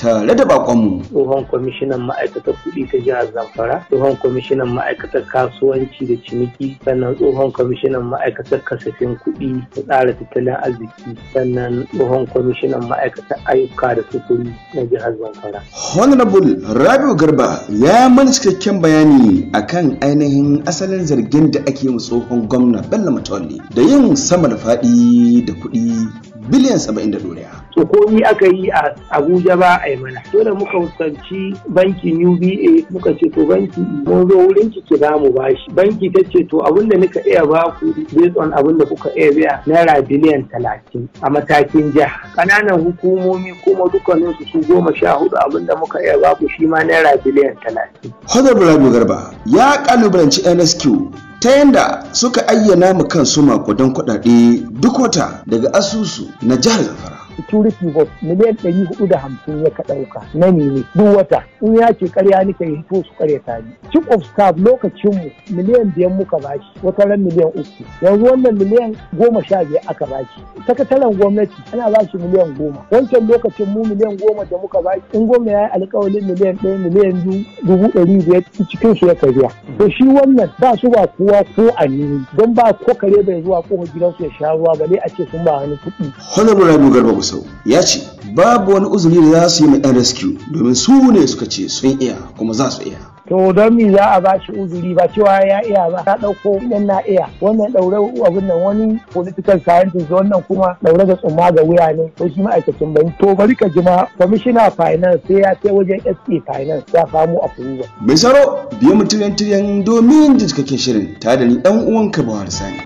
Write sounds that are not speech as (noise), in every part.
tare da bakonmu. Tsohon kwamishinan ma'aikatar kuɗi ta jihar Zamfara, tsohon kwamishinan ma'aikatar kasuwanci da ciniki, sannan tsohon kwamishinan ma'aikatar kasafin kuɗi da tsara tattalin arziki, sannan tsohon kwamishinan ma'aikatar ayyuka da sufuri na jihar Zamfara. Honorable Rabiu Garba ya mana cikakken bayani akan ainihin asalin zargin da ake yi tsohon gwamna Bello Matoli da yin sama da faɗi da kuɗi biliyan saba'in da doriya. To komi aka yi a Abuja ba a yi mana. Dole muka fuskanci bankin UBA muka ce to banki mun zo wurin ki ki bamu bashi. Banki ta ce to abin da nika iya ba ku based on abin da kuka iya biya naira biliyan talatin a matakin jiha. Ƙananan hukumomi kuma dukkanin su su goma sha hudu abin da muka iya ba ku shi ma naira biliyan talatin. Honorable Garba ya kalubalanci NSQ ta yanda suka ayyana mu kan su makudan kuɗaɗe duk wata daga asusu na jihar zafara security box miliyan ɗari hudu da hamsin ya ka ɗauka na nemi duk wata in ya ce ƙarya nika ya hito su ƙarya ta ni chief of staff lokacinmu miliyan biyan muka bashi wata ran miliyan uku yanzu wannan miliyan goma sha biyar aka bashi sakataren gwamnati ana bashi miliyan goma wancan lokacin mu miliyan goma da muka bashi in gwamna ya yi alƙawalin miliyan ɗaya miliyan biyu dubu ɗari biyar cikin su ya karya to shi wannan ba su ba kowa ko a nemi don ba ko kare bai zuwa gidan gidansu ya sha ruwa bale a ce sun ba wani kuɗi. Honorable Rabi Garba sau ya ce babu wani uzuri da za su yi mai ɗan rescue domin su ne suka ce sun iya kuma za su iya. to don me za a ba shi uzuri ba cewa ya iya ba ta ɗauko idan na iya wannan ɗaure abin nan wani political scientist wannan kuma ɗaure da tsumma ga wuya ne ko shi ma'aikacin bani to bari ka jima commissioner finance sai ya kai wajen SA finance ya samu approval. mai tsaro biyo mu tiryan tiryan domin jin shirin tare da ni ɗan uwanka Buhari Sani.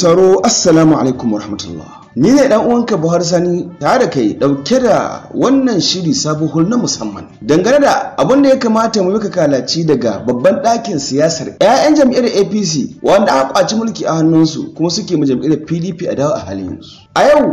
saro assalamu alaikum warahmatullah ni ne dan uwanka Buhari Sani tare da kai dauke da wannan shiri sabuhul na musamman dangane da abin da ya kamata mu mika kalaci daga babban ɗakin siyasar 'ya'yan jam'iyyar APC wanda aka kwaci mulki a hannunsu kuma suke mu jam'iyyar PDP a dawo a halin yanzu a yau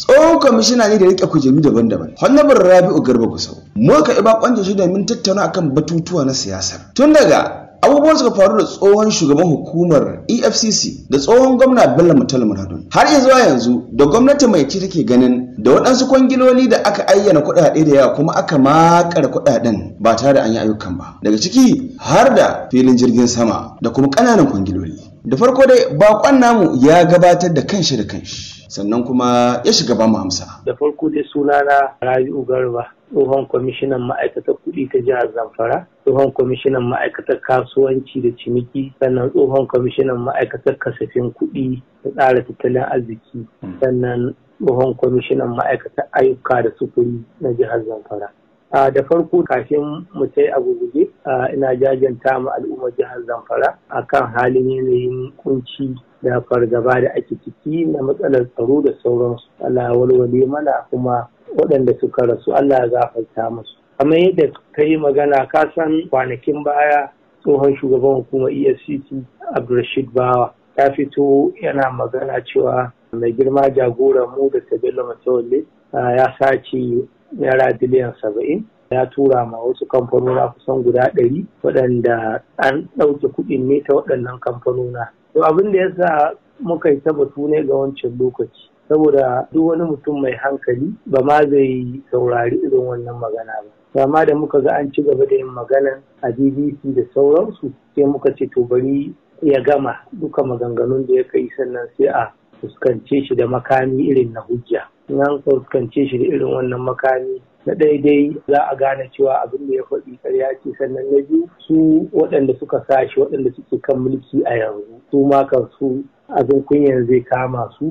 tsohon kwamishina ne da rike kujeru daban-daban hannabar rabi'u garba gusau muka ka iba kwanci shi da min tattauna akan batutuwa na siyasar tun daga abubuwan suka faru da tsohon shugaban hukumar efcc da tsohon gwamna bello mutal muradun har ya zuwa yanzu da gwamnati mai ci take ganin da waɗansu kwangiloli da aka ayyana kuɗaɗe da yawa kuma aka makar kuɗaɗen ba tare da an yi ayyukan ba daga ciki har da filin jirgin sama da kuma ƙananan kwangiloli da farko dai bakon namu ya gabatar da kanshi da kanshi sannan kuma ya shiga ba mu amsa da farko dai sunana rabi'u garba tsohon kwamishinan ma'aikatar kuɗi ta jihar zamfara tsohon kwamishinan ma'aikatar kasuwanci da ciniki sannan tsohon kwamishinan ma'aikatar kasafin kuɗi da tsara tattalin arziki hmm. sannan tsohon kwamishinan ma'aikatar ayyuka da sufuri na jihar zamfara a da farko kafin mu sai a guguje ina jajanta mu al'ummar jihar zamfara A kan halin yanayin kunci da fargaba da ake ciki na matsalar tsaro da sauransu Allah walwale mana kuma waɗanda suka rasu Allah gafarta musu kamar yadda ka yi magana ka san kwanakin baya tsohon shugaban hukumar efcc abdulrashid bawa ta fito yana magana cewa mai girma jagoran mu da sabila matawalle ya sace naira biliyan saba'in ya tura ma wasu kamfanona kusan guda ɗari waɗanda an ɗauke kuɗin ne ta waɗannan kamfanona. To abin da ya sa muka yi ta batu ne ga wancan lokaci. Saboda duk wani mutum mai hankali ba ma zai saurari irin wannan magana ba. Amma da muka ga an ci gaba da yin maganan a BBC da sauransu sai muka ce to bari ya gama duka maganganun da ya kai sannan sai a fuskance shi da makami irin na hujja. Nan an fuskance shi da irin wannan makami na daidai za a gane cewa abin da ya faɗi ƙarya ce sannan na biyu su waɗanda suka sashi waɗanda suke kan mulki a yanzu su ma su abin kunyan zai kama su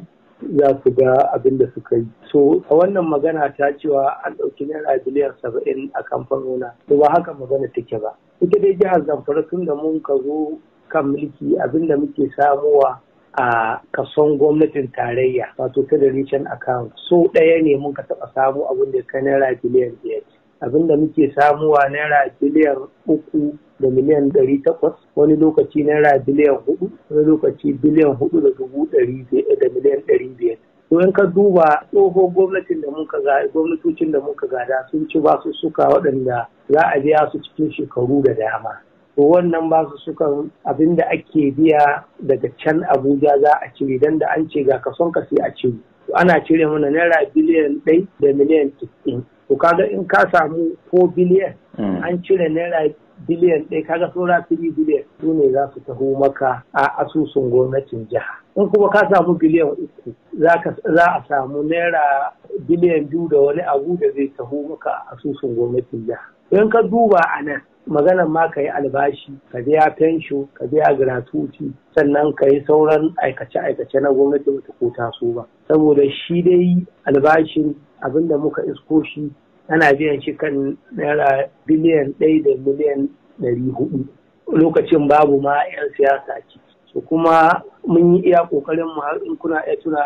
za su ga abin da suka yi. So a wannan magana ta cewa an ɗauki naira biliyan saba'in a kamfanona, to ba haka magana take ba. Ita dai jihar Zamfara tun da mun ka zo kan mulki abin da muke samuwa a kason gwamnatin tarayya wato federation account so ɗaya ne mun ka taɓa samu abin da kai naira biliyan biyar abin da muke samuwa naira biliyan uku da miliyan ɗari takwas wani lokaci naira biliyan hudu wani lokaci biliyan hudu da dubu ɗari da miliyan ɗari biyar to in ka duba tsoho gwamnatin da muka ga gwamnatocin da muka gada sun ci basu suka waɗanda za a biya su cikin shekaru da dama to wannan ba su sukan abin da ake biya daga can abuja za a cire don da an ce ga kason ka sai a cire ana cire mana naira biliyan ɗai da miliyan tisɗin to kaga in ka samu ko biliyan hmm. an cire naira biliyan ɗaya kaga saura fili biliyan su ne za su taho maka a asusun gwamnatin jiha in kuma ka samu biliyan uku za a samu naira biliyan biyu da wani abu da zai taho maka a asusun gwamnatin jiha in ka duba a nan maganan ma ka yi albashi ka biya fensho ka biya gratuity sannan ka yi sauran aikace-aikace na gwamnati bata ko taso ba saboda shi dai albashin abin da muka isko shi ana biyan shi kan naira biliyan ɗaya da miliyan ɗari hudu lokacin babu ma 'yan siyasa ce. su kuma mun yi iya kokarin mu in kuna iya tuna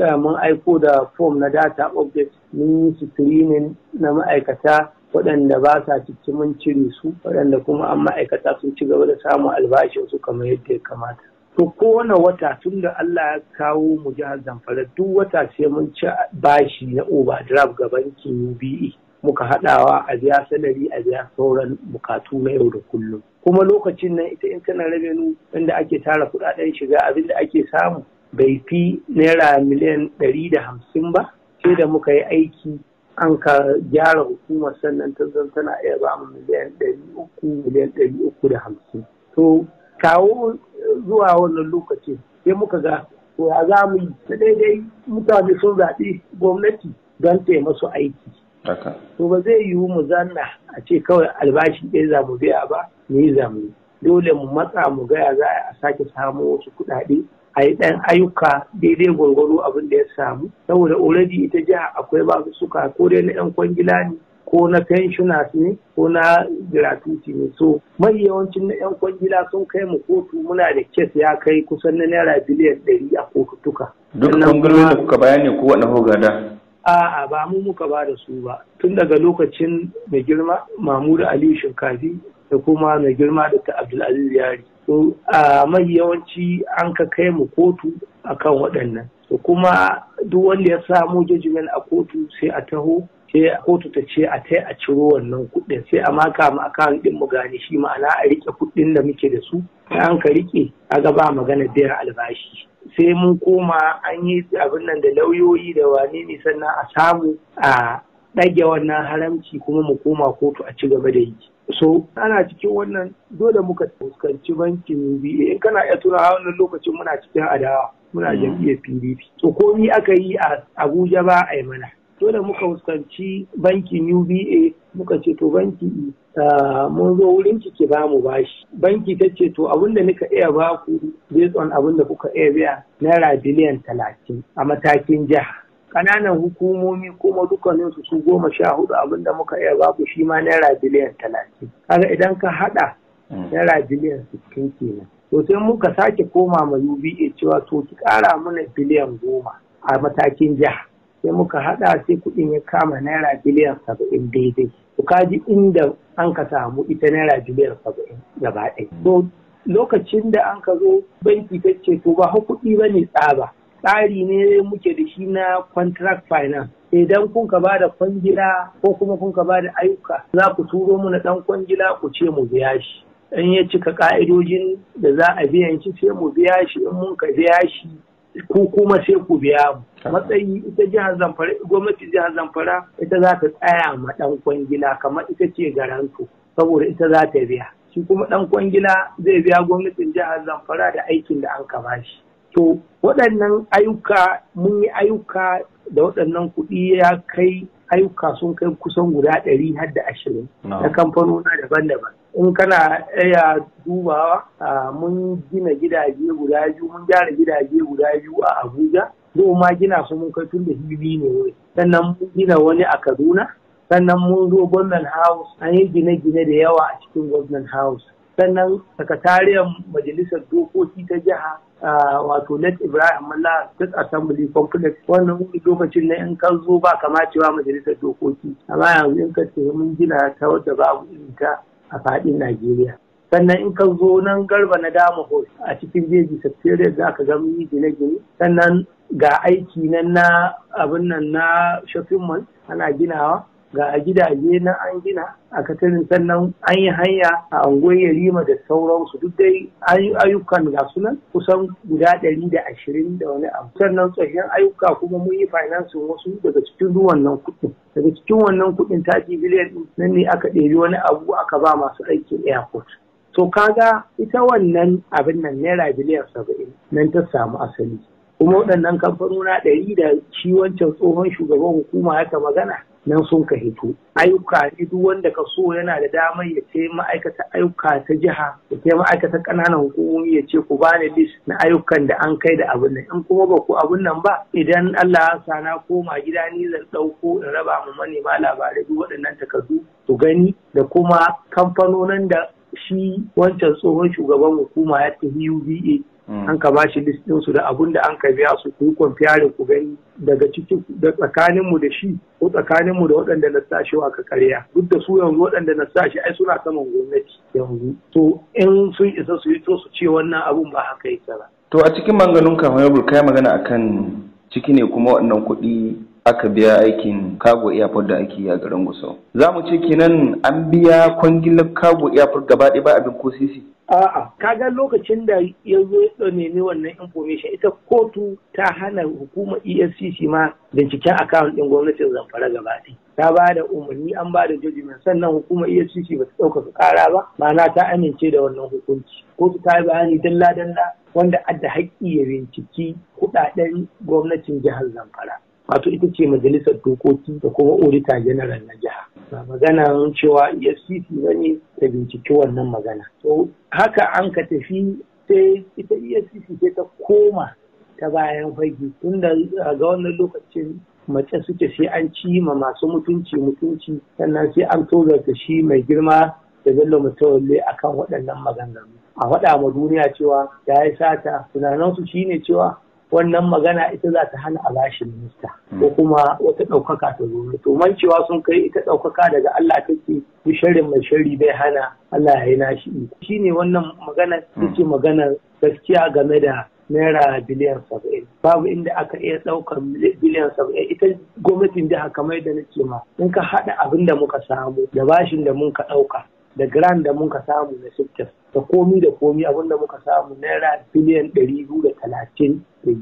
eh, mun aiko da fom na data update mun yi screening na ma'aikata waɗanda ba sa ciki mun cire su waɗanda kuma an ma'aikata sun ci gaba da samun albashin su kamar yadda ya kamata to kowane wata tun da Allah ya kawo mu jihar Zamfara duk wata sai mun ci bashi na overdraft ga bankin UBE muka haɗawa a biya salari a biya sauran bukatu na yau da kullum kuma lokacin nan ita in tana rabenu inda ake tara kuɗaɗen shiga abin da ake samu bai fi naira miliyan ɗari da hamsin ba sai da muka yi aiki an ka gyara hukumar sannan ta zan tana iya ba mu miliyan ɗari uku miliyan ɗari uku da hamsin to kawo zuwa wannan lokacin sai muka ga to ya za mu yi ta daidai mutane sun zaɓi gwamnati don ta aiki to ba zai yiwu mu zanna a ce kawai albashi ɗaya za mu biya ba mu yi za mu dole mu matsa mu gaya za a sake samu wasu kuɗaɗe a yi ɗan ayyuka daidai gwargwaro abin da ya samu saboda already ita jiha akwai ba su suka ko dai na 'yan kwangila ne ko na pensioners ne ko na gratuity ne so mai yawancin na 'yan kwangila sun kai mu kotu muna da kes ya kai kusan na naira biliyan ɗari a kotuttuka. duk kwangilolin da kuka bayani ko waɗanda hogada a'a ba mu muka ba da su ba tun daga lokacin mai girma mamudu aliyu shinkafi da kuma mai girma da ta abdulaziz yari to a mai yawanci an ka kai mu kotu a kan waɗannan to kuma duk wanda ya samu jajimen a kotu sai a taho sai kotu ta ce a tai a ciro wannan kuɗin sai a maka mu akan ɗin mu gane shi ma'ana a rike kuɗin da muke da su sai an ka rike a gaba magana biyan albashi sai mun koma an yi abin nan da lauyoyi da wane ne sannan a samu a ɗage wannan haramci kuma mu koma kotu a ci gaba da yi so ana cikin wannan dole muka fuskanci bankin UBA in kana iya tuna wannan lokacin muna cikin adawa muna hmm. jam'iyyar PDP to komi aka yi a Abuja ba a yi mana dole muka fuskanci bankin UBA muka ce to banki mun zo wurin ki mu bamu bashi banki ta ce to abin da nika iya ba ku based on abin da kuka iya biya naira biliyan talatin a matakin jiha ƙananan hukumomi kuma dukkanin su su goma sha hudu abinda muka iya babu shi ma naira biliyan talatin kaga idan ka haɗa mm. naira biliyan sittin kenan to sai muka sake koma ma UBA cewa to ki ƙara mana biliyan goma a matakin jiha sai muka haɗa sai kuɗin ya kama naira biliyan saba'in daidai to ji inda an ka samu ita naira biliyan saba'in gaba ɗaya lokacin da an ka zo banki ta ce to ba kuɗi ba ne tsaba tsari ne muke da shi na contract finance idan kun ka ba da kwangila ko kuma kun ka ba da ayyuka za ku turo mu na ɗan kwangila ku ce mu biya shi in ya cika ka'idojin da za a biyan shi sai mu biya shi in mun ka biya shi ko kuma sai ku biya mu matsayi ita jihar zamfara gwamnati jihar zamfara ita za ta tsaya ma ɗan kwangila kamar ita ce garanto saboda ita za ta biya shi kuma ɗan kwangila zai biya gwamnatin jihar zamfara da aikin da an ka bashi to waɗannan ayyuka mun yi ayyuka da waɗannan kuɗi ya kai ayyuka sun kai kusan guda ɗari har da ashirin na kamfanona daban-daban in kana iya dubawa mun gina gidaje guda biyu mun gyara gidaje guda biyu a abuja zo ma gina su mun kai tun da hibi ne wai sannan mun gina wani a kaduna sannan mun zo gwamnan house an yi gine-gine da yawa a cikin gwamnan house sannan sakatariyar majalisar dokoki ta jiha wato net ibrahim mala state assembly complex wannan lokacin na in kan zo ba kama cewa majalisar dokoki amma yanzu in ka ce mun gina ta wadda babu ta a faɗin najeriya sannan in ka zo nan garba na dama a cikin jeji secretariat za ka yi gine-gine sannan ga aiki nan na abin nan na shopping mall ana ginawa ga a gidaje na an gina a katarin sannan an yi hanya a angoyi rima da sauransu duk dai ayyukan ga sunan kusan guda ɗari da ashirin da wani abu sannan tsohon ayyuka kuma mun yi finansin wasu daga cikin wannan kuɗin daga cikin wannan kuɗin taki biliyan nan ne aka ɗebi wani abu aka ba masu aikin airport to kaga ita wannan abin nan naira biliyan saba'in nan ta samu asali kuma waɗannan kamfanuna ɗari da shi wancan tsohon shugaban hukuma haka magana nan sun ka hito ayyuka ne duk wanda ka so yana da damar ya ce ma'aikata ayyuka ta jiha ya ce ma'aikata kananan hukumomi ya ce ku ba ni list na ayyukan da an kai da abin nan in kuma ba ku abin nan ba idan Allah ya sa na koma gida ni zan ɗauko in raba mu manema labarai duk waɗannan takardu su gani da kuma kamfanonin da shi wancan tsohon shugaban hukuma ya tafi UBA Mm. an ka ba shi list ɗinsu da abun da an ka biya su ku yi ku gani daga cikin da tsakaninmu da shi ko tsakaninmu da waɗanda na sashi wa ka karya duk da su yanzu waɗanda na shi ai suna saman gwamnati yanzu to in sun isa su yi to su ce wannan abun ba haka yi ba. to a cikin manganun kamar kai magana akan ciki ne kuma waɗannan kuɗi aka biya aikin kago iyafar da ake yi a garin Gusau. Za mu ce kenan an biya kwangilar kago iyafar gaba ɗaya ba abin ko sisi. A'a, kaga lokacin da ya zo ya nemi wannan information ita kotu ta hana hukumar EFCC ma binciken account ɗin gwamnatin zamfara gaba Ta ba da umarni an ba da judgment sannan hukumar EFCC ba ta ɗauka su ƙara ba, ma'ana ta amince da wannan hukunci. Kotu ta yi bayani dalla-dalla wanda adda haƙƙi ya binciki kuɗaɗen gwamnatin jihar Zamfara. Wato ita ce majalisar dokoki da kuma odita general na jiha. ba maganan cewa efcc ba ne ta binciki wannan magana to haka an ka tafi sai ita efcc sai ta koma ta bayan fage tunda ga wannan lokacin mace suke sai an ci ma masu mutunci mutunci sannan sai an ta shi mai girma da bello mutawalle kan waɗannan maganganu a faɗa ma duniya cewa ya yi sata tunaninsu shine cewa wannan magana ita za ta hana a bashi minista ko hmm. kuma wata ɗaukaka ta zo to mancewa sun kai ita ɗaukaka daga Allah take ku sharri mai sharri bai hana Allah ya yi nashi shine wannan magana take hmm. magana gaskiya game da naira biliyan saba'in babu inda aka iya ɗaukar biliyan saba'in ita gwamnatin jiha kamar da nake ma in ka haɗa abin da muka samu da bashin da mun ka ɗauka da gran da muka samu na shiftas da komi da komi abinda muka samu naira biliyan ɗari biyu da talatin da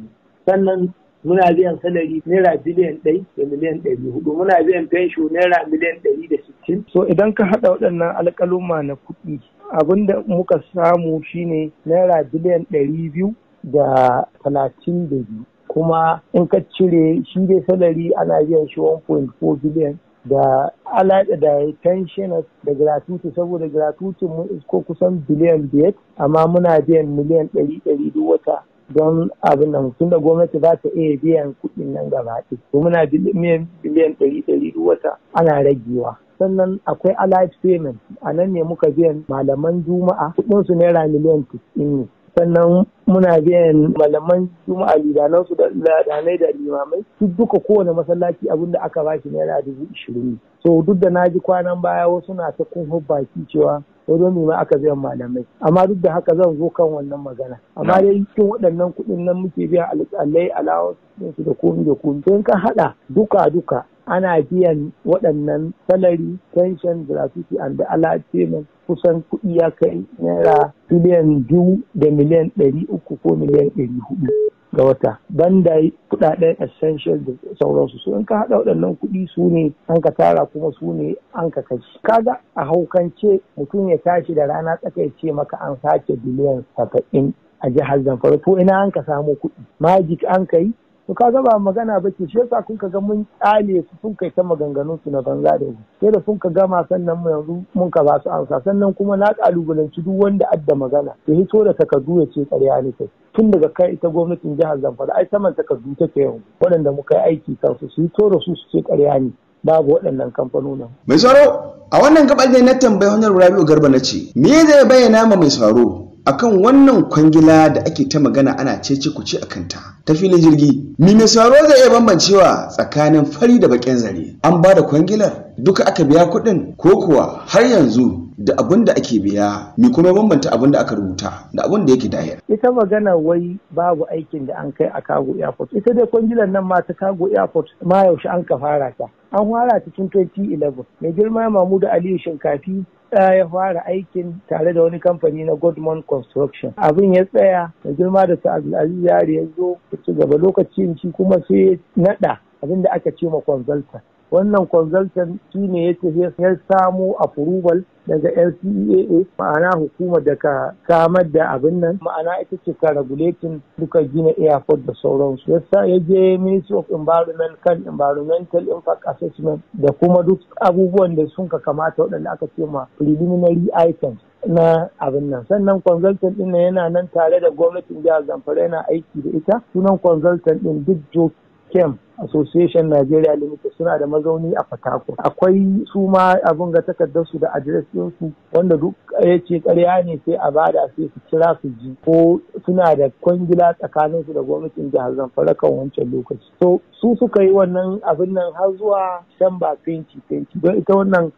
sannan muna biyan salari naira biliyan ɗai da miliyan ɗari hudu muna biyan fensho naira miliyan ɗari da sittin. so idan ka haɗa waɗannan alƙaluma na kuɗi abun da muka samu shine naira biliyan ɗari biyu da talatin da biyu kuma in ka cire shi dai salari ana biyan shi 1.4 biliyan da alaƙa da pensioners da gratuity saboda gratuity mun isko kusan biliyan biyar amma muna biyan miliyan ɗari ɗari duk wata don abin nan tun da gwamnati za ta iya biyan kuɗin nan gaba to muna biyan biliyan ɗari ɗari duk wata ana ragewa sannan akwai alive payment a nan ne muka biyan malaman juma'a kuɗinsu naira miliyan 90 sannan muna biyan malaman juma'a lidanan su da ladanai da limamai duk duka kowane masallaci abin da aka bashi naira dubu ishirin so duk da na ji kwanan baya wasu na ta kun baki cewa sodomi ma aka biyan malamai amma duk da haka zan zo kan wannan magana amma dai cikin waɗannan kuɗin nan muke biya alƙalai allowance su da komi da komi sai ka haɗa duka duka ana biyan waɗannan salari pension gratuity and alert payment kusan kuɗi ya kai naira biliyan biyu da miliyan ɗari uku ko miliyan ɗari hudu ga wata banda kudaden essential da sauransu su in ka haɗa waɗannan kuɗi su ne an ka tara kuma su ne an ka kashi kaga a haukance mutum ya tashi da rana tsaka ya ce maka an sake biliyan saba'in a jihar zamfara ko ina an ka samu kuɗi magic an ka yi to ka ba magana ba ke! shi yasa kun ga mun tsale su sun kai ta maganganun su na banza da su sai da sun ka gama sannan mu yanzu mun ka ba su amsa sannan kuma na kalubalanci duk wanda adda magana ya hito da takardu ya ce ƙarya ne kai tun daga kan ita gwamnatin jihar zamfara ai saman ta take yau waɗanda muka yi aiki kansu su yi toro su su ce ƙarya ne babu waɗannan kamfanonin. mai tsaro a wannan gabar ne na tambayi hanyar rabi'u garba na ce me zai bayyana ma mai tsaro akan wannan kwangila da ake ta magana ana ku ce a kanta ta filin jirgi mi mai tsaro zai iya bambancewa tsakanin fari da baƙin zare an ba da kwangilar duka aka biya kuɗin ko kuwa har yanzu da abin da ake biya mai kuma bambanta abin da aka rubuta da abin da yake dahir ita magana wai babu aikin da an kai a kago airport ita dai kwangilan nan ma kago airport ma yaushe an ka fara ta an fara cikin 2011 mai girma da aliyu shinkafi eh, ya fara aikin tare da wani kamfani na Godman Construction. Abin ya tsaya Mai girma da sa Abdulaziz Yari ya zo ci gaba lokacin shi kuma sai ya naɗa abin da aka ce ma consultant. Wannan consultant shi ne ya ce ya samo approval daga LCEAA ma'ana hukumar da ka samar da abin nan ma'ana ita ce ka regulating duka gina airport da sauransu yasa ya je Ministry of Environment kan Environmental Impact Assessment da kuma duk abubuwan da sun ka kamata waɗanda aka ce ma preliminary items na abin nan sannan consultant din yana nan tare da gwamnatin jihar Zamfara yana aiki da ita sunan consultant din duk Joe Kemp association nigeria limited suna da mazauni a fatako akwai su ma abin ga takardar su da adiresin su wanda duk ya ce karya ne sai a bada sai su kira su ji ko suna da kwangila tsakanin su da gwamnatin jihar zamfara kan wancan lokaci so su suka yi wannan abin nan har zuwa fenti 2020 don ita wannan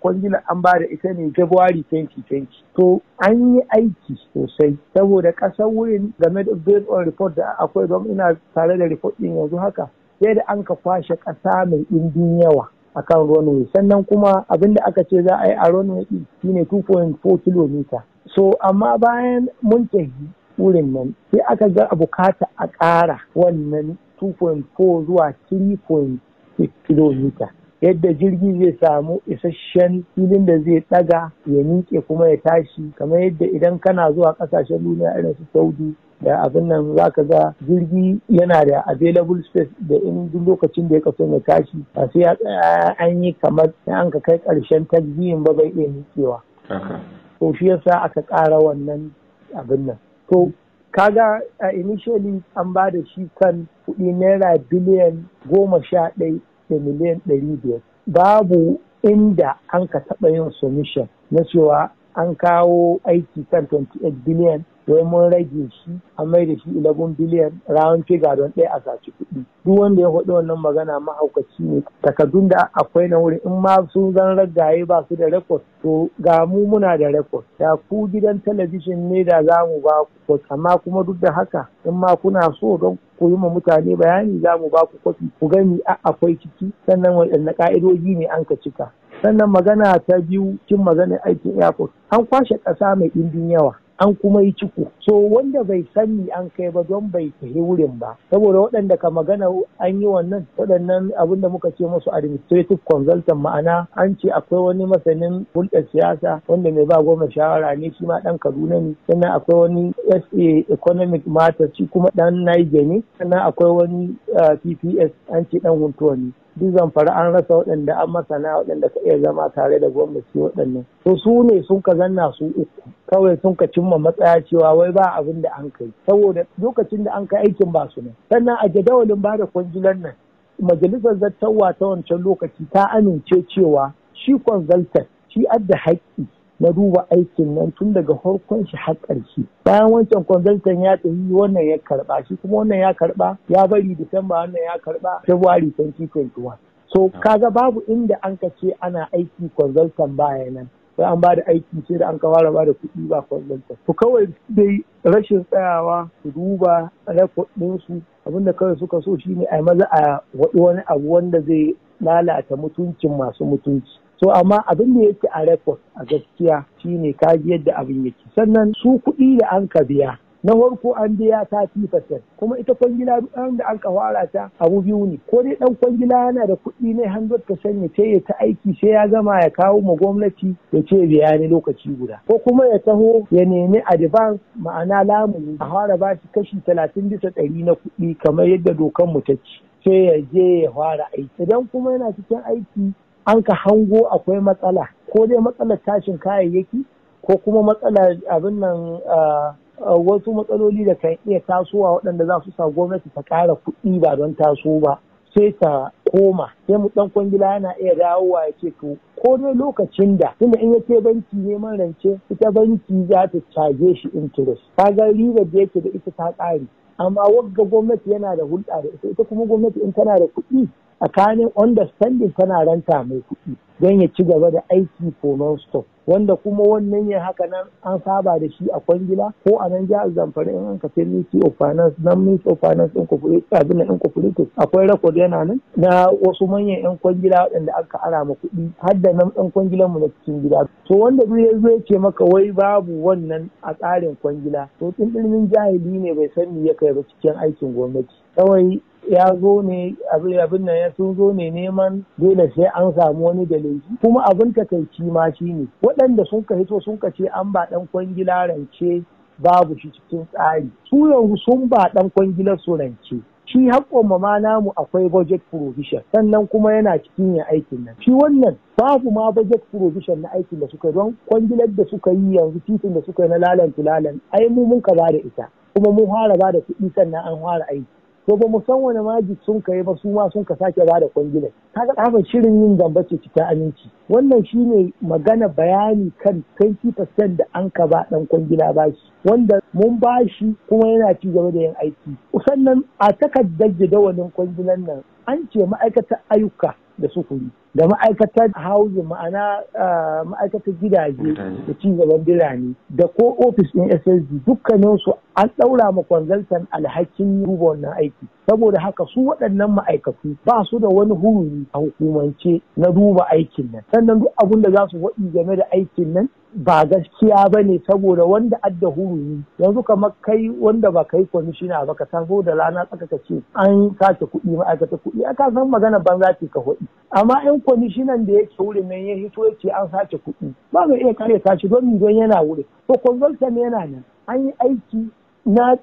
kwangila an ba da ita ne February 2020 to an yi aiki sosai saboda ƙasar wurin game da based on report da akwai don ina tare da report din yanzu haka sai da an ka kwashe ƙasa mai ɗimbin yawa a kan runway sannan kuma abin da aka ce za a yi a runway ɗin ne 2.4 km so amma bayan mun tafi wurin nan sai aka ga bukata a ƙara wannan 2.4 zuwa 3.6 km yadda jirgi zai samu isasshen filin da zai daga ya miƙe kuma ya tashi kamar yadda idan kana zuwa ƙasashen duniya irin su saudi da abin nan za ka ga jirgi yana da available space da in duk lokacin da ya kaso ya tashi ba sai ya an yi kamar an ka kai ƙarshen tajiyin ba bai iya miƙewa. To shi yasa aka ƙara wannan abin nan. To kaga a initially an ba da shi kan kuɗi naira biliyan goma sha ɗaya da miliyan ɗari biyar babu inda an ka taɓa yin submission na cewa an kawo aiki kan 28 biliyan domin mun rage shi a mai da shi 11 biliyan rawan figa don ɗaya a saci kuɗi duk wanda ya faɗi wannan magana mahaukaci ne takardun da akwai na wuri in ma su zan ragaye ba su da rekod to ga mu muna da rekod da ku gidan talabijin ne da za mu ba ku amma kuma duk da haka in ma kuna so don ku yi ma mutane bayani za mu ba ku kwafi ku gani akwai ciki sannan waɗanne ka'idoji ne an ka cika sannan magana ta biyu cin magana aikin airport an kwashe ƙasa mai indin yawa an kuma yi ciko so wanda bai sani an kai ba don bai tafi wurin ba saboda waɗanda ka magana an yi wannan waɗannan abin da muka ce musu administrative consultant ma'ana an ce akwai wani masanin hulɗar siyasa wanda mai ba goma shawara ne shi ma ɗan kaduna ne sannan akwai wani sa economic matter shi kuma ɗan niger ne sannan akwai wani ah, pps an ce ɗan huntuwa ne duk zamfara an rasa waɗanda an masana waɗanda ka iya zama tare da gwamnati waɗannan to su ne sun ka zanna su uku kawai sun ka cimma matsaya cewa wai ba abin da an kai saboda lokacin da an kai aikin ba su ne sannan a jadawalin ba da kwangilar nan majalisar zartarwa ta wancan lokaci ta amince cewa shi kwanzaltar, shi adda haƙƙi na duba aikin nan tun daga harkon shi har ƙarshe bayan wancan consultant ya tsayi wannan ya karba shi kuma wannan ya karba ya bari disamba wannan ya karba february 2021 so kaga babu inda an ka ce ana aiki consultant baya nan sai an ba da aiki sai da an ka fara ba da kuɗi ba consultant to kawai dai rashin tsayawa su duba rekod ɗinsu abinda kawai suka so shine a maza a wani abu wanda zai lalata mutuncin masu mutunci so amma abin da yake a record a gaskiya shine kaji yadda abin yake sannan su kuɗi da an ka biya na farko an biya sati fasar kuma ita kwangila da an ka fara ta abu biyu ne ko dai dan kwangila yana da kuɗi na hanzar ta sanya ce ya ta aiki sai ya gama ya kawo ma gwamnati ya ce biya ne lokaci guda ko kuma ya taho ya nemi advance ma'ana lamuni a fara ba shi kashi talatin bisa ɗari na kuɗi kamar yadda dokan mu ta ce sai ya je ya fara aiki idan kuma yana cikin aiki an ka hango akwai matsala ko dai matsalar tashin kayayyaki ko kuma matsalar abin nan wasu matsaloli da kan iya tasowa waɗanda za su sa gwamnati ta ƙara kuɗi ba don taso ba sai ta koma sai mu ɗan kwangila yana iya dawowa ya ce to ko dai lokacin da tunda in yace banki banki neman rance ita banki za ta caje shi interest kaga ribar da yake da ita ta ƙare amma wagga gwamnati yana da hulɗa da ita ita kuma gwamnati in tana da kuɗi tsakanin understanding tana ranta mai kuɗi don ya ci gaba da aiki for non-stop wanda kuma wannan ya haka nan an saba da shi a kwangila ko a nan jihar zamfara in an kafe ministry of finance nan ministry of finance incorporated abin nan akwai rekod yana nan na wasu manyan yan kwangila waɗanda aka ara ma kuɗi har da nan ɗan kwangilan mu na cikin gida to wanda zai ya zo yake maka wai babu wannan a tsarin kwangila to tsindirmin jahili ne bai san ni ya kai ba cikin aikin gwamnati kawai ya zo ne abin nan ya sun zo ne neman dole sai an samu wani dalili kuma abin takaici ma shi ne waɗanda sun ka hito sun ka ce an ba ɗan kwangila rance babu shi cikin tsari su yanzu sun ba ɗan kwangila su rance shi haƙƙon ma namu akwai budget provision sannan kuma yana cikin yin aikin nan shi wannan babu ma budget provision na aikin da suka yi, don kwangilar da suka yi yanzu titin da suka yi na lalan tulalan ai mu mun ka da ita kuma mun fara ba da kuɗi sannan an fara aiki ko ba mu san wani magic sun kai ba su ma sun ka sake ba da kwangilai kaga tsaban shirin yin gamba ce cikin aminci wannan shine magana bayani kan 20% da an ka ba dan kwangila bashi wanda mun ba shi kuma yana ci gaba da yin aiki sannan a takardar jadawalin kwangilan nan an ce ma'aikatar ayyuka da sufuri da ma'aikatar hauzi ma'ana ah, ma'aikatar gidaje da cigaban birane da ko ofis ɗin ssd dukkaninsu an ɗaura ma alhakin duba wannan aiki saboda haka su waɗannan ma'aikatu ba su da wani hurumi a hukumance na duba aikin nan sannan duk abin da za su waɗi game da aikin nan ba gaskiya ba ne saboda wanda adda hurumi yanzu kamar kai wanda ba kai kwamishina ba ka san da rana tsaka ka ce an sace kuɗi ma'aikata kuɗi aka san magana ban za ka hoɗi amma yan kwamishinan da yake wurin nan ya hito ya ce an sace kuɗi ba mai iya kare shi don don yana wuri. to ne yana nan an yi aiki na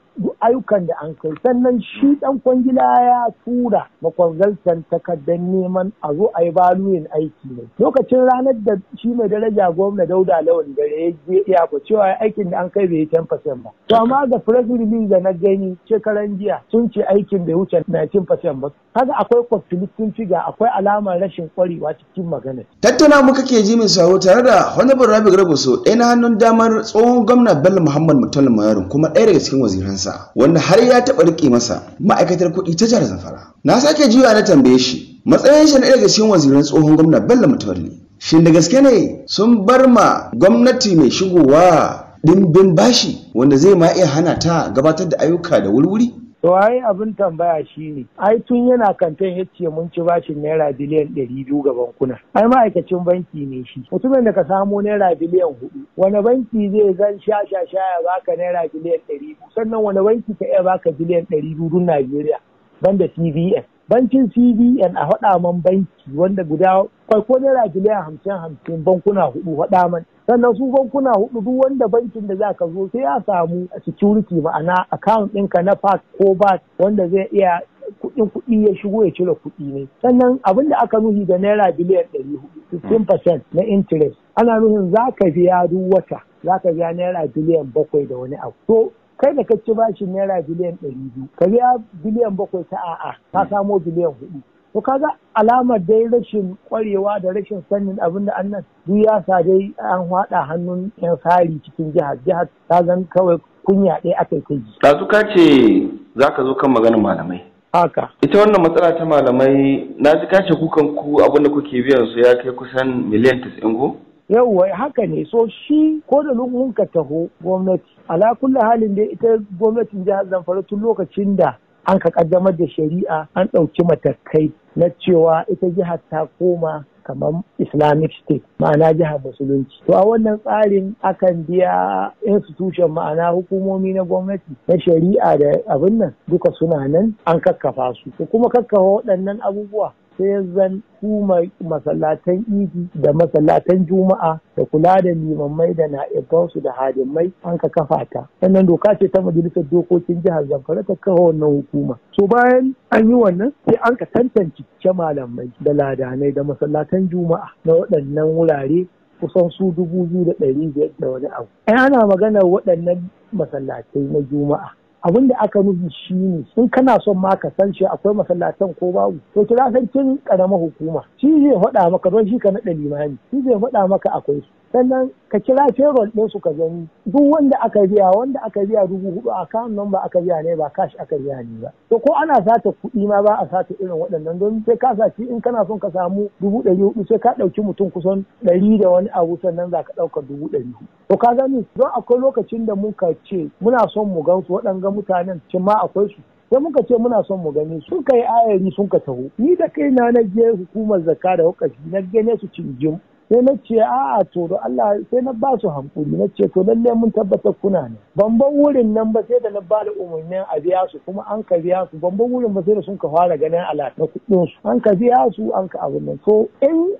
ayyukan da an kai sannan shi dan kwangila ya tura makwangaltan takardar neman a zo a yi baluyin aiki ne lokacin ranar da shi mai daraja gwamna dauda lawan da ya je iyako cewa aikin da an kai bai yi 10% ba to amma ga press release da na gani shekaran jiya sun ce aikin bai wuce 19% ba Haka akwai conflicting figure akwai alamar rashin kwarewa cikin magana tattauna mu ke ji min saro tare da honorable rabi garbuso ɗaya na hannun damar tsohon gwamna bello muhammad mutalin mayarin kuma ɗaya daga cikin wazirinsa wanda har ya taɓa riƙe masa ma'aikatar kuɗi ta jihar zamfara na sake juya na tambaye shi matsayin shi na daga cikin wazirin tsohon gwamna bello mutuwalli shin da gaske ne sun bar ma gwamnati mai shigowa ɗimbin bashi wanda zai ma iya hana ta gabatar da ayyuka da wurwuri To ai abin tambaya shine ai tun yana Kantan ya ce mun ci bashin naira biliyan ɗari biyu ga bankuna. Ai ma'aikacin banki ne shi. Mutumin da ka samo naira biliyan huɗu, Wani banki zai zan sha sha sha ya baka naira biliyan ɗari biyu sannan wani banki ka iya baka biliyan ɗari biyu dun Najeriya banda CBS bankin cbn a haɗa man banki wanda guda farko naira biliyan hamsin hamsin bankuna hudu haɗa man sannan su bankuna hudu duk wanda bankin da za ka zo sai ya samu security ma'ana account ɗinka na park ko bat wanda zai iya kuɗin kuɗi ya shigo ya cire kuɗi ne sannan abin da aka nuhi da naira biliyan ɗari hudu percent na interest ana nuhin za ka biya duk wata za ka biya naira biliyan bakwai da wani abu kai da ka ci bashin naira biliyan ɗari biyu ka biya biliyan bakwai ta a'a ka hmm. samo biliyan hudu to kaga alamar dai rashin kwarewa da rashin sanin abin da annan duk ya sa dai an haɗa hannun yan sari cikin jihar jihar ta zan kawai kunya ɗaya aka kai ji. ɗazu ka ce za ka zo kan maganar malamai haka ita wannan matsala ta malamai na ji kace kukan ku abin kuke biyan su ya kai kusan miliyan 90 yauwa haka ne so shi ko da lungun ka taho gwamnati ala kulli halin dai ita gwamnatin jihar zamfara tun lokacin da an ka kaddamar da shari'a an ɗauki matakai na cewa ita jihar ta koma kamar islamic state ma'ana jihar musulunci to a wannan tsarin akan biya institution ma'ana hukumomi na gwamnati na shari'a da abin nan duka suna nan an kakkafa su to kuma kakkafa waɗannan abubuwa sai zan kuma masallatan idi da masallatan juma'a da kula da limammai da na'ibansu da hadimai an ka kafa ta wannan doka ce ta majalisar dokokin jihar zamfara ta kafa wannan hukuma so bayan an yi wannan sai an ka tantance malamai da ladanai da masallatan juma'a na waɗannan wurare kusan su dubu biyu da ɗari biyar da wani abu. ana magana waɗannan masallatai na juma'a abin da aka nufi shi ne in kana son ma ka san shi akwai masallatan ko babu to kira san kin karamar hukuma shi zai faɗa maka don shi ka naɗa limani shi zai faɗa maka akwai su sannan ka kira payroll ɗin su ka gani duk wanda aka biya wanda aka biya dubu hudu a kan nan ba aka biya ne ba kashi aka biya ne ba to ko ana sata kuɗi ma ba a sata irin waɗannan don sai ka saci in kana son ka samu dubu ɗari hudu sai ka ɗauki mutum kusan ɗari da wani abu sannan za ka ɗauka dubu ɗari hudu to ka gani don akwai lokacin da muka ce muna son mu gansu waɗanga mutanen cin ma akwai su sai muka ce muna son mu gani sun kai ayari sun ka taho ni da kaina na je hukumar zakka da hukashi na gane su cin jim sai na ce a'a to Allah sai na ba su hankuri na ce to lalle mun tabbatar kuna ne ban wurin nan ba sai da na ba da umarnin a biya su kuma an ka biya su ban wurin ba sai da sun ka fara ganin alaƙa na kuɗin su an ka biya su an ka abin nan to in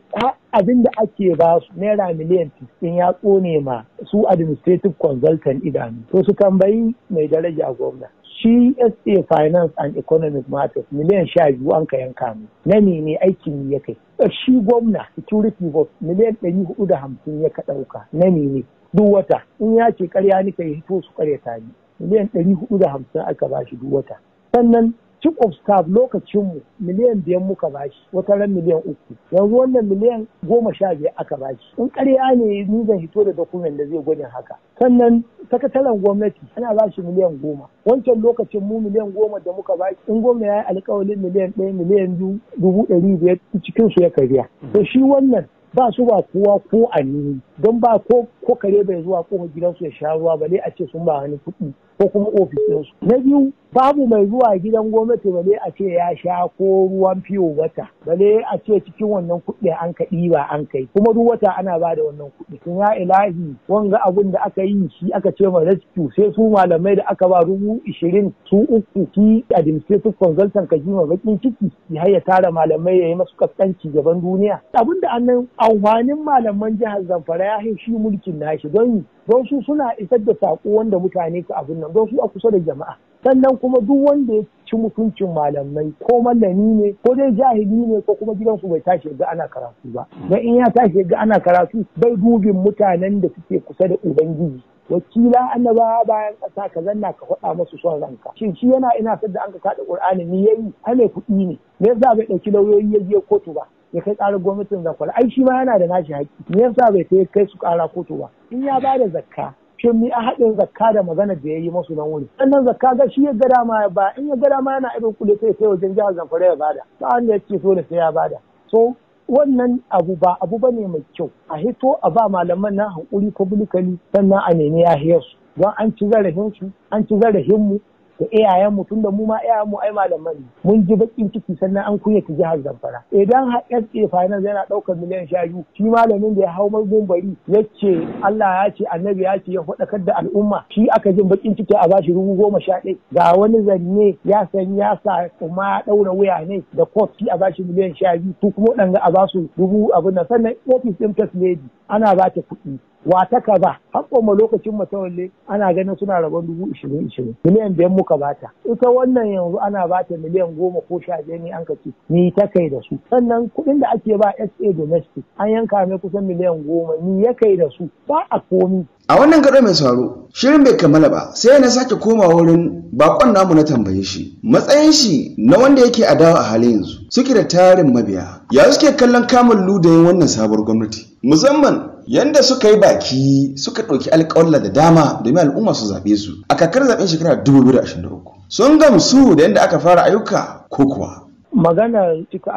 abin da ake ba su naira miliyan in ya tsone ma su administrative consultant idanu to su tambayi mai daraja gwamna CSA Finance and Economic Matters miliyan sha biyu an ka yanka mu na ne aikin ya kai eh, shi gwamna security box miliyan ɗari huɗu da hamsin ya ka ɗauka na ne duk wata in ya ce karya ka yi hito su karya ni miliyan ɗari hudu da hamsin aka ba shi duk wata sannan chief of staff mu miliyan biyan muka bashi wata ran miliyan uku yanzu wannan miliyan goma sha biyar aka bashi in ƙarya ne ni zan hito da dokumen da zai gwani haka sannan sakataren gwamnati ana bashi miliyan goma wancan lokacin mu miliyan goma da muka bashi in gwamna ya yi alƙawalin miliyan ɗaya miliyan biyu dubu ɗari biyar cikin su ya karya to shi wannan ba su ba kowa ko a don ba ko kare bai zuwa kofar gidansu ya sha ruwa bale a ce sun ba wani kuɗi ko kuma ofisinsu. Na biyu babu mai zuwa gidan gwamnati bale a ce ya sha ko ruwan fiyo wata bale a ce cikin wannan kuɗi an kaɗi ba an kai kuma duk wata ana ba da wannan kuɗi kun ya ilahi wanga abun da aka yi shi aka ce ma rescue sai su malamai da aka ba rubu ishirin su uku ki administrative consultant ka jima bakin ciki ya ya tara malamai ya yi masu kaskanci gaban duniya abin da an annan amfanin malaman jihar zamfara ya shi mulkin nashi don don su suna isar da saƙo wanda mutane su abin nan don su a kusa da jama'a sannan kuma duk wanda ya ci mutuncin malamai ko mallami ne ko dai jahili ne ko kuma gidansu bai tashi ga ana karatu ba don in ya tashi ga ana karatu bai dubin mutanen da suke kusa da ubangiji wakila annaba bayan kasa, ka zanna ka faɗa masu son ranka shin shi yana ina sadda an ka kaɗa ƙur'ani ni yayi ane kuɗi ne me yasa bai ɗauki lauyoyi ya je kotu ba ya kai ƙarar gwamnatin zakwara ai shi ma yana da nashi haƙƙi me yasa bai sai kai su ƙara kotu ba in ya ba da zakka shin ni a haɗin zakka da magana da ya yi masu nan wuri sannan zakka ga shi ya gada ma ba in ya gada ma yana irin kuɗi sai sai wajen jihar zamfara ya bada ba da ya ce so da sai ya bada so wannan abu ba abu ba ne mai kyau a hito a ba malaman nan hankuri publicly sannan a nemi su, don an ci su an ci mu da iyayen mu tunda mu ma iyayen mu ai malaman ne mun ji bakin ciki sannan an kunya ta jihar Zamfara idan SA finance yana daukar miliyan sha biyu shi malamin da ya hau mazgun bari yace Allah ya ce annabi ya ce ya fadakar da al'umma shi aka jin bakin ciki a bashi rubu goma sha ɗaya ga wani zanne ya san ya sa kuma ya ɗaura wuya ne da kofi a bashi miliyan sha biyu su kuma waɗanda a basu rubu abin nan sannan ofis ɗin first lady ana ba ta kuɗi wa ta kaza har ma lokacin matawalle ana ganin suna rabon dubu ishirin ishirin miliyan biyar muka bata ita wannan yanzu ana bata miliyan goma ko sha biyar ne an kace ni ta kai da su sannan kuɗin da ake ba SA domestic an yanka mai kusan miliyan goma ni ya kai da su ba a komi. A wannan gado mai sauro shirin bai kammala ba sai na sake koma wurin bakon namu na tambaye shi matsayin shi na wanda yake adawa a halin yanzu suke da tarin mabiya ya suke kallon kamun ludayin wannan sabuwar gwamnati musamman yanda suka yi baki suka ɗauki alƙawalla da dama domin al'umma su zaɓe su a kakar zaɓen shekara 2023 sun gamsu da yadda aka fara ayyuka ko kuwa maganar cika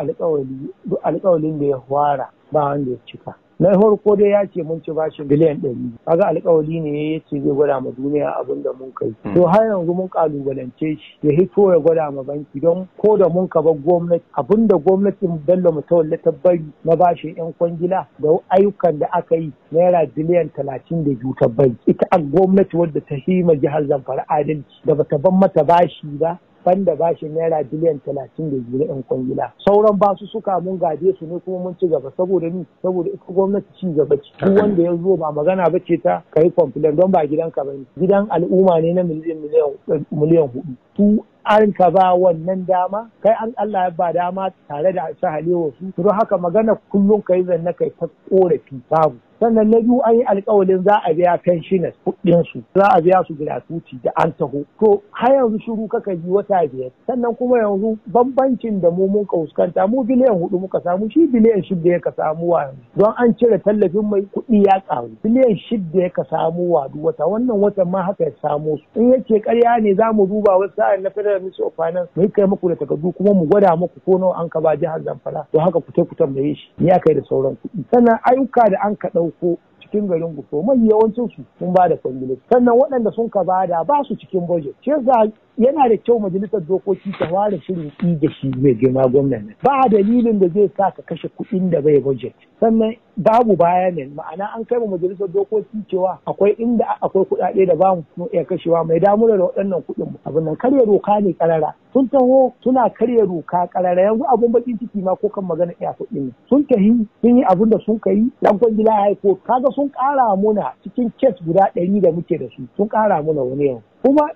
alƙawalin da ya fara ba wanda ya cika na farko dai ya ce mun ci bashin biliyan ɗari kaga alƙawari ne ya ce zai gwada ma duniya abin da mun kai hmm. to har yanzu mun ƙalubalance shi ya hito ya gwada ma banki don ko da mun ka bar gwamnati abin da gwamnatin bello mutawalla ta bari na bashin yan kwangila da ayyukan da aka yi naira biliyan talatin da biyu ta bari ita a gwamnati wadda ta hima jihar zamfara adalci da bata ban mata bashi ba banda bashin naira biliyan talatin da biyu na yan kwangila sauran basu suka mun gaje su ne kuma mun ci gaba saboda ni saboda ita gwamnati ci gaba ci duk wanda ya zo ba magana ba ce ta kai complain don ba gidanka ba ne gidan al'umma ne na miliyan hudu tu an ka ba wannan dama kai an Allah ya ba dama tare da sahalewa su to haka magana kullum kai zanna kai ta korafi babu sannan na biyu an yi alkawalin za a biya pensioners kuɗinsu za a biya su gratuity da an taho to har yanzu shiru kaka yi wata biyar sannan kuma yanzu bambancin da mu mun fuskanta mu biliyan hudu muka samu shi biliyan shida ya ka samu wa yanzu don an cire tallafin mai kuɗi ya ƙaru biliyan shida ya ka samu wa duk wata wannan watan ma haka ya samu su in yake ƙarya ne za mu duba wasu sa'an na federal ministry of finance mu yi kai muku da takardu kuma mu gwada muku ko nawa an ka ba jihar zamfara to haka kuta kutan bai shi Ni ya kai da sauran kuɗi sannan ayyuka da an ka ɗau Ko cikin garin Gusau mai yawancin su sun ba da kwangila sannan waɗanda sun ka bada ba su cikin budget shi yasa yana da kyau majalisar dokoki ta ware shirin ɗi da shi mai girma gwamnan nan ba dalilin da zai sa ka kashe kuɗin da bai budget sannan babu ne ma'ana an kai ma majalisar dokoki cewa akwai inda akwai kuɗaɗe da ba mu iya kashewa mai damuna da waɗannan kuɗin mu abin nan karya doka ne karara sun taho suna karya doka karara yanzu abun bakin ciki ma ko kan magana iya kuɗin sun tahi sun yi abin da sun kai dan gida ya kaga sun ƙara muna cikin kes guda ɗari da muke da su sun ƙara muna wani yau kuma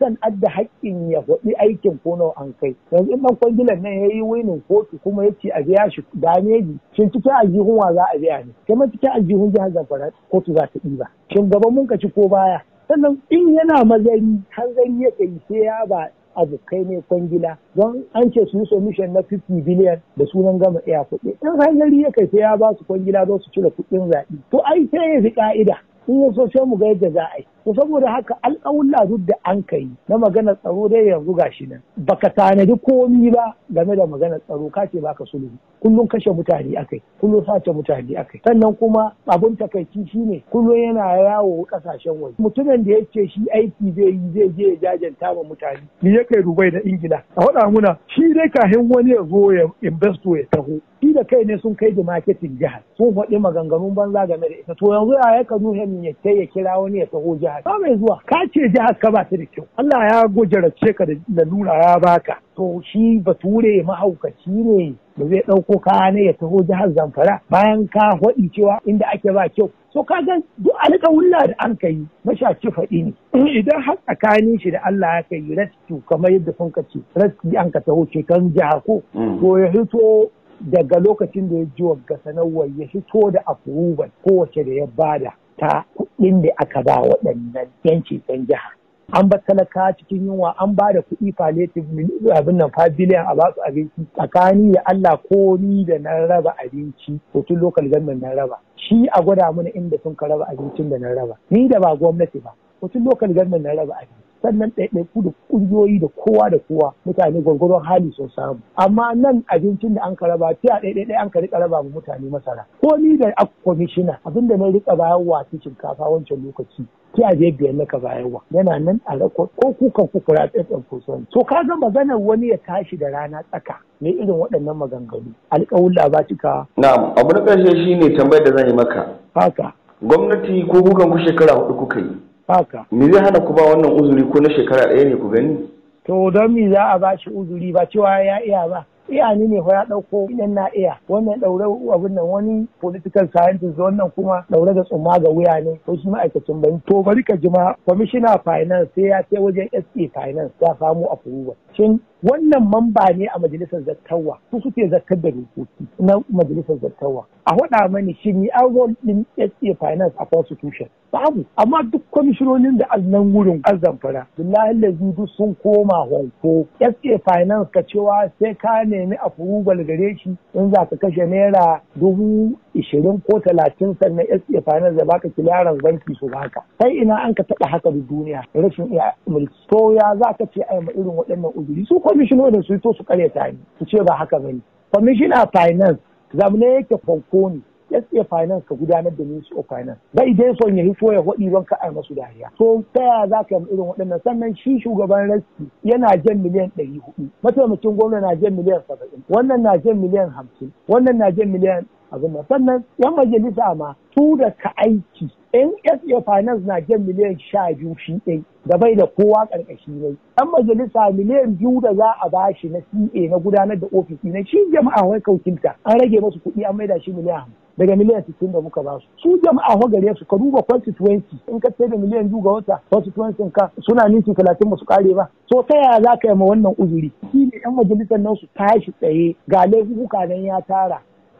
san adda haƙƙin ya faɗi aikin ko nawa an kai. Yanzu in kwangilan nan ya yi winin kotu kuma ya ce a biya shi dameji. Shin cikin aljihun wa za a biya ne? Kuma cikin aljihun jihar Zamfara kotu za ta ɗiba. Shin gaban mun kaci ko baya? Sannan in yana mazari hanzari ya kai sai ya ba abokai ne kwangila don an ce su yi submission na 50 biliyan da sunan gama iya kuɗi in gari ya kai sai ya ba su kwangila don su cire kuɗin zaɓe to ai sai ya fi ƙa'ida in ya so mu ga yadda za a yi to saboda haka alƙawulla duk da an yi na maganar tsaro dai yanzu ga shi nan baka tanadi komi ba game da maganar tsaro ka ce baka sulhu kullum kashe mutane akai kullum sace mutane akai sannan kuma abun takaici shine kullum yana yawo kasashen waje mutumin da ya ce shi aiki zai yi zai je ya jajanta wa mutane ni ya kai dubai da ingila a faɗa muna shi dai kahin wani ya zo ya investo ya taho shi da kai ne sun kai da marketing jihar sun faɗi maganganun banza game da ita to yanzu a ya kanu ya ya kira wani ya taho jihar ba mai zuwa ka ce jihar ka ba ta da kyau Allah ya gojarace ka da lalura ya baka to shi bature mahaukaci ne da zai ɗauko kaya ne ya taho jihar Zamfara bayan ka haɗi cewa inda ake ba kyau so ka ga duk alƙawulla da an kai mashaci faɗi ne (clears throat) idan har tsakanin shi da Allah ya kai rescue kamar yadda kun ka ce rescue an ka taho ce kan jiha ko mm. to ya hito daga lokacin da ya ji wa sanarwar ya hito da approval kowace da ya bada ta kuɗin da aka ba waɗannan 'yan ceton jiha. An ba talaka cikin yunwa an ba da kuɗi palliative abin nan fa biliyan a basu abinci tsakani da Allah ko ni da na raba abinci ko tun lokal government na raba. Shi a gwada mana inda sun ka raba abincin da na raba. Ni da ba gwamnati ba. Ko tun lokal government na raba abinci. sannan ku da ƙungiyoyi da kowa da kowa mutane gwargwaron hali sun samu amma nan abincin da an ka raba ta ɗai an ka riƙa raba ma mutane masara ko ni da a kwamishina abinda na riƙa wa wasu shinkafa wancan lokaci ta je biyan na ka bayarwa yana nan a rako ko kukan kukura tsatsan kusan to ka ga maganar wani ya tashi da rana tsaka ne irin waɗannan maganganu alƙawulla ba cika na'am abu na ƙarshe shine tambayar da zan yi maka haka gwamnati ko kukan ku shekara hudu kuka yi haka me zai hana ku ba wannan uzuri ko na shekara ɗaya ne ku gani to don me za a ba shi uzuri ba cewa ya iya ba iya ne ne fa ya ɗauko idan na iya wannan daure abin nan wani political scientist wannan kuma ɗaure da tsumma ga wuya ne ko shi ma'aikacin ban to bari ka jima commissioner finance sai ya sai wajen SE finance ya samu approval shin wannan mamba ne a majalisar zattawa su suke zakkar da dokoki na majalisar zattawa a hada mani shi ni an rol din SA finance a constitution babu amma duk kwamishinonin da alnan wurin azamfara billahi lazi duk sun koma honko SA finance ka cewa sai ka ne nemi approval gare shi in za ka kashe naira dubu ishirin ko talatin sannan SA finance da baka kilaran banki su baka sai ina an ka taɓa haka da duniya rashin iya mulki to ya za ka ce ai ma irin waɗannan uzuri su kwamishinonin su to su karya ni su ce ba haka bane kwamishina finance zamne yake fanko ne SA Finance ka gudanar da Ministry of Finance. Bai dai son ya hito ya hodi wanka a masu dariya. So ta yaya za ka yi irin waɗannan sannan shi shugaban rasti yana jan miliyan ɗari hudu. Mataimakin gwamna na jan miliyan saba'in. Wannan na jan miliyan hamsin. Wannan na jan miliyan abin nan. Sannan yan majalisa ma su da ka aiki. yan SA Finance na jan miliyan sha biyu shi ɗai. da bai da kowa ƙarƙashi ne. Yan majalisa miliyan biyu da za a bashi na CA na gudanar da ofis na shi jama'a wai kaukinta an rage masu kuɗi an maida shi miliyan hamsin. daga miliyan 60 da muka ba su jama'a hau gare su ka duba constituency in ka da miliyan biyu ga wata constituency ka suna minti talatin ba su kare ba so ta yaya za ka yi ma wannan uzuri shi ne yan majalisar nan su tashi tsaye ga laifuka nan ya tara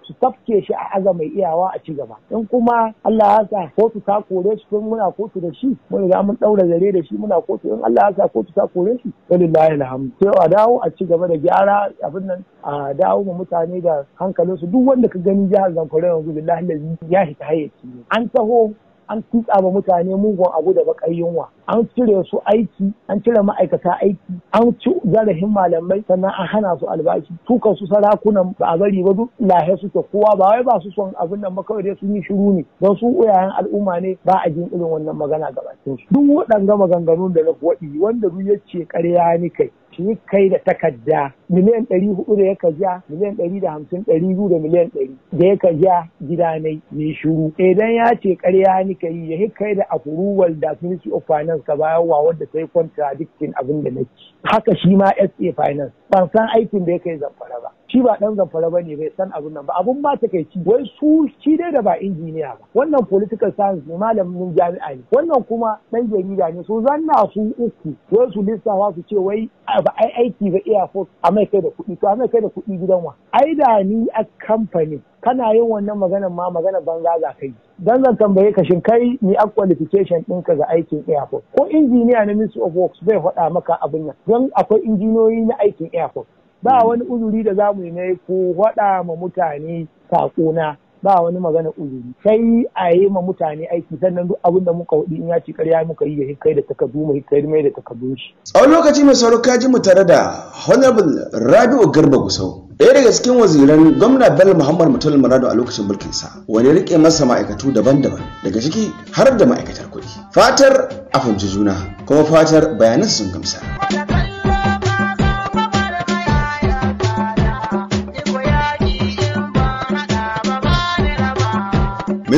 su tafke shi a aza mai iyawa a ci gaba in kuma Allah ya sa kotu ta kore shi tun muna kotu da shi mun riga mun daura zare da shi muna kotu in Allah ya sa kotu ta kore shi walillahi alhamdu sai a dawo a ci gaba da gyara abin nan a dawo ma mutane da hankalinsu duk wanda ka gani jihar Zamfara yanzu billahi ya hita hayyaci an taho an tutsa ba mutane mugun abu da bakar yunwa an cire su aiki an cire ma'aikata aiki an ci zarafin malamai sannan an hana su albashi tukan su sarakunan ba a bari ba duk lahe suke kowa ba wai ba su son abin nan ba kawai dai sun yi shiru ne don su uyayen al'umma ne ba a jin irin wannan magana gabatin su duk waɗanga maganganun da na waɗi wanda duk ya ce ƙarya ni kai Yi kai da takarda miliyan ɗari hudu da yaka ja miliyan ɗari da hamsin ɗari biyu da miliyan ɗari da yaka ja gida ne shuru idan ya ce ƙarya ka yi ya kai da approval da ministry of finance ka wa wadda ta yi contradicting abin da na ci. haka shi ma sa finance ban san aikin da ya kai zamfara ba shi ba dan zamfara bane bai san abun nan ba abun ma takeici wai su shi dai da ba injiniya ba wannan political science ne malamin jami'a ne wannan kuma ɗan jarida ne su zanna su uku wai su lissawa su ce wai ba ai aiki ba iya force a mai kai da kuɗi to a mai kai da kuɗi gidan wa ai da ni a kamfani kana yin wannan maganar ma maganar banza za kai dan zan tambaye ka shin kai ni a qualification ɗinka ga aikin airport ko injiniya na ministry of works bai faɗa maka abin nan don akwai injiniyoyi na aikin airport ba wani uzuri da zamu yi mai ko faɗa ma mutane saƙona ba wani magana uzuri sai a yi ma mutane aiki sannan duk abin da muka hudu in ya ci karya muka yi ya hikai da takardu mu hikai mai da takardun shi. tsawon lokaci mai sauro ji mu tare da honorable rabi'u garba gusau ɗaya daga cikin waziran gwamna bello muhammad mutul muradu a lokacin sa wani rike masa ma'aikatu daban-daban daga ciki har da ma'aikatar kuɗi fatar a fahimci juna kuma fatar bayanan sun gamsa.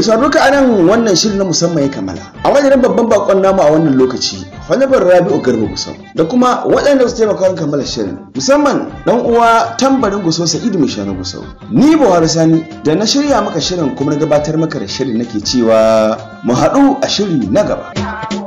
mai sauraro ka anan wannan shirin na musamman ya kammala a wajen babban bakon namu a wannan lokaci hannabar rabi'u garba gusau da kuma waɗanda su taimaka wajen kammala shirin musamman dan uwa tambarin gusau sa'idu mai shanu gusau ni buhari sani da na shirya maka shirin kuma na gabatar maka da shirin nake cewa mu haɗu a shiri na gaba.